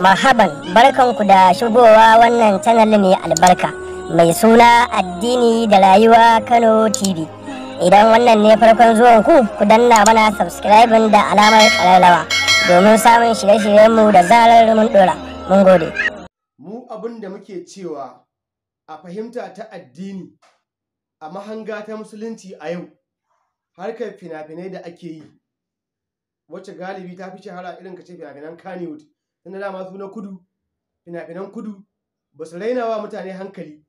Mahaban barkanku da shigowa wannan canal mai albarka mai suna addini da rayuwa Kano TV. Idan wannan ne farkon zuwanku ku danna mana subscribe da alamar ƙararrawa domin samun shirye-shiryenmu da zarar mun ɗora. Mun gode. Mu abin da muke cewa a fahimta ta addini a mahanga ta musulunci a yau harkar fina-finai da ake yi wacce galibi ta fi shahara irin kace fina-finan Kannywood. tunda dama su na kudu fina-finan kudu ba su raina wa mutane hankali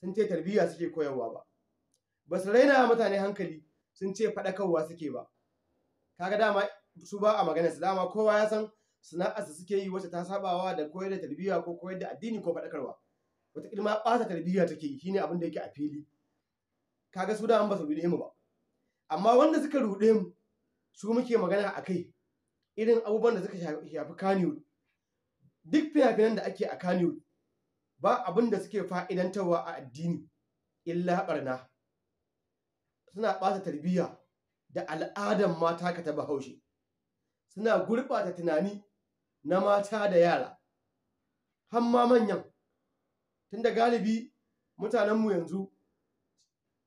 sun ce tarbiyya suke koyarwa ba ba su raina wa mutane hankali sun ce faɗakarwa suke ba ga dama su ba a magana su dama kowa ya san sana'arsa suke yi wacce ta sabawa da koyar da tarbiyya ko koyar da addini ko faɗakarwa wataƙila ma ɓata tarbiyya take yi shine abin da yake a fili kaga su dama ba su ruɗe mu ba amma wanda suka ruɗe mu su muke magana a kai irin abubuwan da suka shafi kaniwood duk fiye da ake a Kano ba abin da suke fa'idantarwa a addini illa barna suna ɓata tarbiyya da al'adar mata ka ta bahaushe suna gurɓata tunani na mata da yara har ma manyan tunda galibi mutanenmu yanzu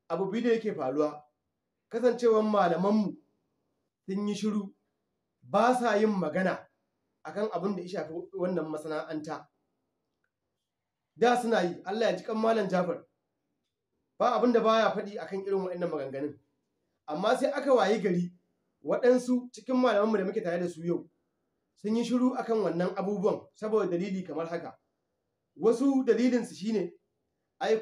abu biyu da yake faruwa kasancewar malamanmu sun yi shiru ba sa yin magana akan abin da ya shafi wannan masana'anta da suna yi Allah ya ji kan malam Jafar ba abin da baya faɗi akan irin waɗannan maganganun amma sai aka wayi gari waɗansu cikin malaman malamanmu da muke tare da su yau sun yi shiru akan wannan abubuwan saboda dalili kamar haka wasu dalilinsu shine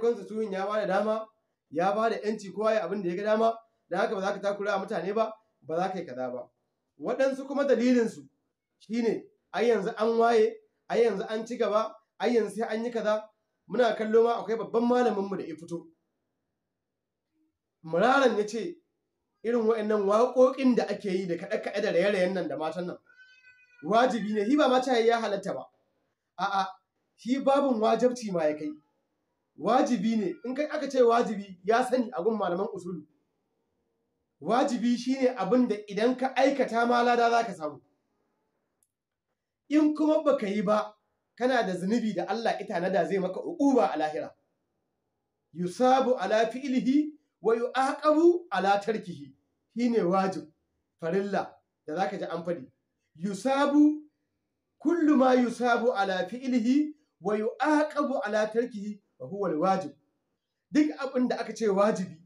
su suyin ya bada dama ya bada yanci kowa ya abin da ya ga dama da haka ba za ka takura mutane ba ba za ka yi kaza ba waɗansu kuma dalilin su shine ai yanzu an waye ai yanzu an ci gaba ai yanzu sai an yi kaza muna kallo ma akwai babban malamin mu da ya fito muraran ya ce irin wa'annan waƙoƙin da ake yi da kaɗa kaɗe da raye nan da matan nan wajibi ne Hiba ma ya halatta ba a'a shi babin wajabci ma ya kai wajibi ne in kai aka ce wajibi ya sani a gun malaman usulu wajibi shine abin da idan ka aikata ma lada za ka samu in kuma baka yi ba kana da zunubi da Allah ita na zai maka uquba a lahira yusabu ala fi'lihi wa yu'aqabu ala tarkihi shine wajib farilla da zaka ji an fadi yusabu kullu ma yusabu ala fi'lihi wa yu'aqabu ala tarkihi wa huwa alwajib duk abin da aka ce wajibi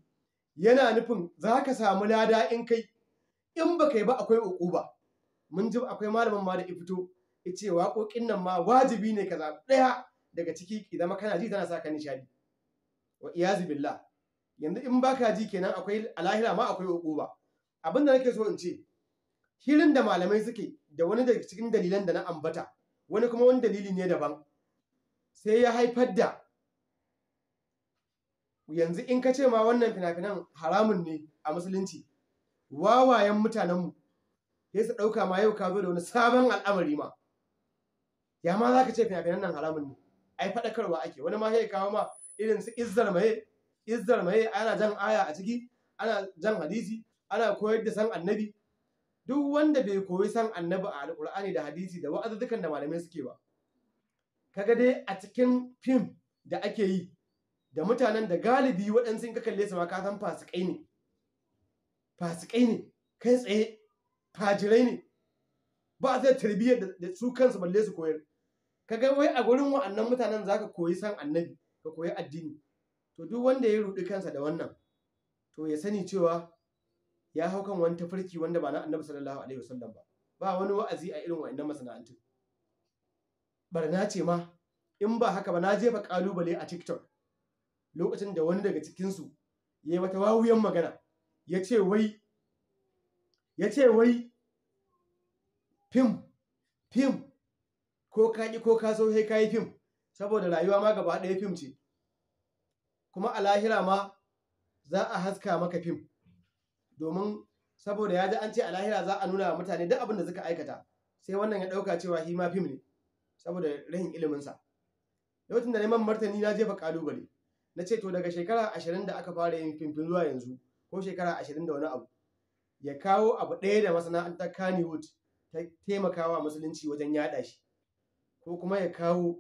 yana nufin zaka samu lada in kai in baka yi ba akwai uquba mun ji akwai malamin ma da ifito ce waƙoƙin nan ma wajibi ne ka zaɓi ɗaya daga ciki idan kana ji tana sa ka nishadi wa iyazu billah yanzu in baka ji kenan akwai alahira ma akwai uquba abin da nake so in ce hirin da malamai suke da wani daga cikin dalilan da na ambata wani kuma wani dalili ne daban sai ya haifar da yanzu in ka ce ma wannan fina-finan haramun ne a musulunci wawayen mutanenmu sai su ɗauka ma yau ka zo da wani sabon al'amari ma ya ma za ka ce fina-finan nan haramun ne ai faɗakarwa ake wani ma ya kawo ma irin su izzar maye izzar maye ana jan aya a ciki ana jan hadisi ana koyar da san annabi duk wanda bai koyi san annabi a alƙur'ani da hadisi da wa'azuzzukan da malamai suke ba kaga dai a cikin fim da ake yi da mutanen da galibi waɗansu in ka kalle su ma ka san fasikai ne fasikai ne kai tsaye fajirai ne ba a tarbiyyar da su kansu balle su koyar kaga wai a gurin wa'annan mutanen za ka koyi san annabi ka koyi addini to duk wanda ya rudi kansa da wannan to ya sani cewa ya hau kan wani tafarki wanda ba na annabi sallallahu alaihi wasallam ba ba wani wa'azi a irin wa'annan masana'antu barna ce ma in ba haka ba na jefa kalubale a tiktok lokacin da wani daga cikinsu ya yi wata wawuyan magana ya ce wai ya ce wai fim fim ko ka ki ko ka so ka yi fim saboda rayuwa ma gaba ɗaya fim ce kuma a lahira ma za a haska maka fim domin saboda ya ji an ce a lahira za a nuna wa mutane duk abin da suka aikata sai wannan ya ɗauka cewa shi ma fim ne saboda rahin iliminsa lokacin da neman martani na jefa kalubale na ce to daga shekara ashirin da aka fara yin fimfin zuwa yanzu ko shekara ashirin da wani abu ya kawo abu ɗaya da masana'antar kannywood ta taimakawa musulunci wajen yaɗa shi ko kuma ya kawo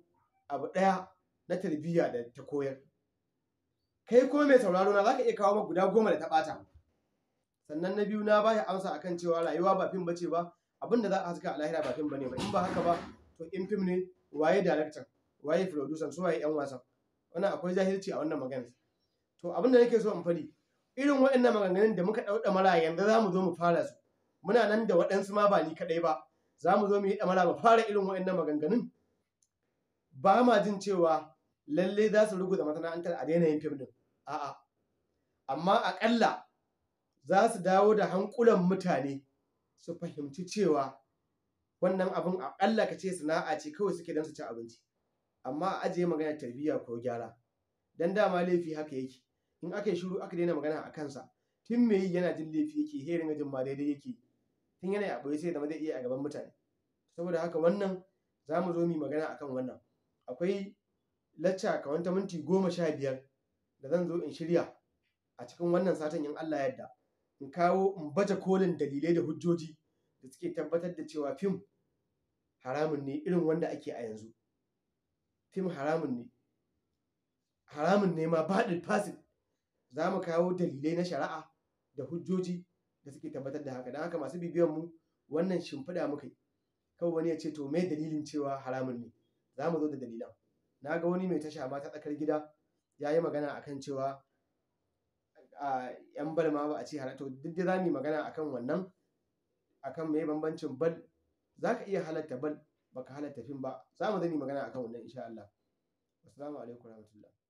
abu ɗaya na tarbiyya da ta koyar kai ko mai sauraro na zaka iya kawo ma guda goma da ta ɓata sannan na biyu na ba ya amsa akan cewa rayuwa ba fim bace ba abinda za a haska a lahira ba fim bane ba in ba haka ba to in fim ne waye director waye producer su waye yan wasa wannan akwai jahilci a wannan magana to abinda nake so in faɗi irin waɗannan maganganun da muka ɗauɗa mara yanzu za mu zo mu fara su muna nan da waɗansu ma ba ni kaɗai ba za mu zo mu yi ɗamara mu fara irin waɗannan maganganun ba ma jin cewa lalle za su ruguza masana'antar a daina yin fim din a'a amma aƙalla za su dawo da hankulan mutane su fahimci cewa wannan abin aƙalla ka ce sana'a ce kawai suke don su ci abinci amma a ajiye magana tarbiyya ko gyara dan dama laifi haka yake in aka yi shiru aka daina magana a kansa tun me yana jin laifi yake herin gajin ma daidai yake tun yana a sai zama zai iya a gaban mutane saboda haka wannan za mu zo mu magana akan wannan akwai lacca kamar ta minti goma sha biyar da zan zo in shirya a cikin wannan satan yin Allah yadda in kawo in baje kolin dalilai da hujjoji da suke tabbatar da cewa fim haramun ne irin wanda ake a yanzu fim haramun ne haramun ne ma baɗin fasin za mu kawo dalilai na shari'a da hujjoji da suke tabbatar da haka don haka masu bibiyan mu wannan shimfiɗa muka yi kawai wani ya ce to me dalilin cewa haramun ne za mu zo da dalilan na ga wani mai tasha ma ta tsakar gida ya yi magana akan cewa a yan bal ma ba a ce halatta duk da za mu yi magana akan wannan akan mai bambancin bal za ka iya halatta bal baka halatta fim ba za mu zani magana akan wannan insha Allah assalamu alaikum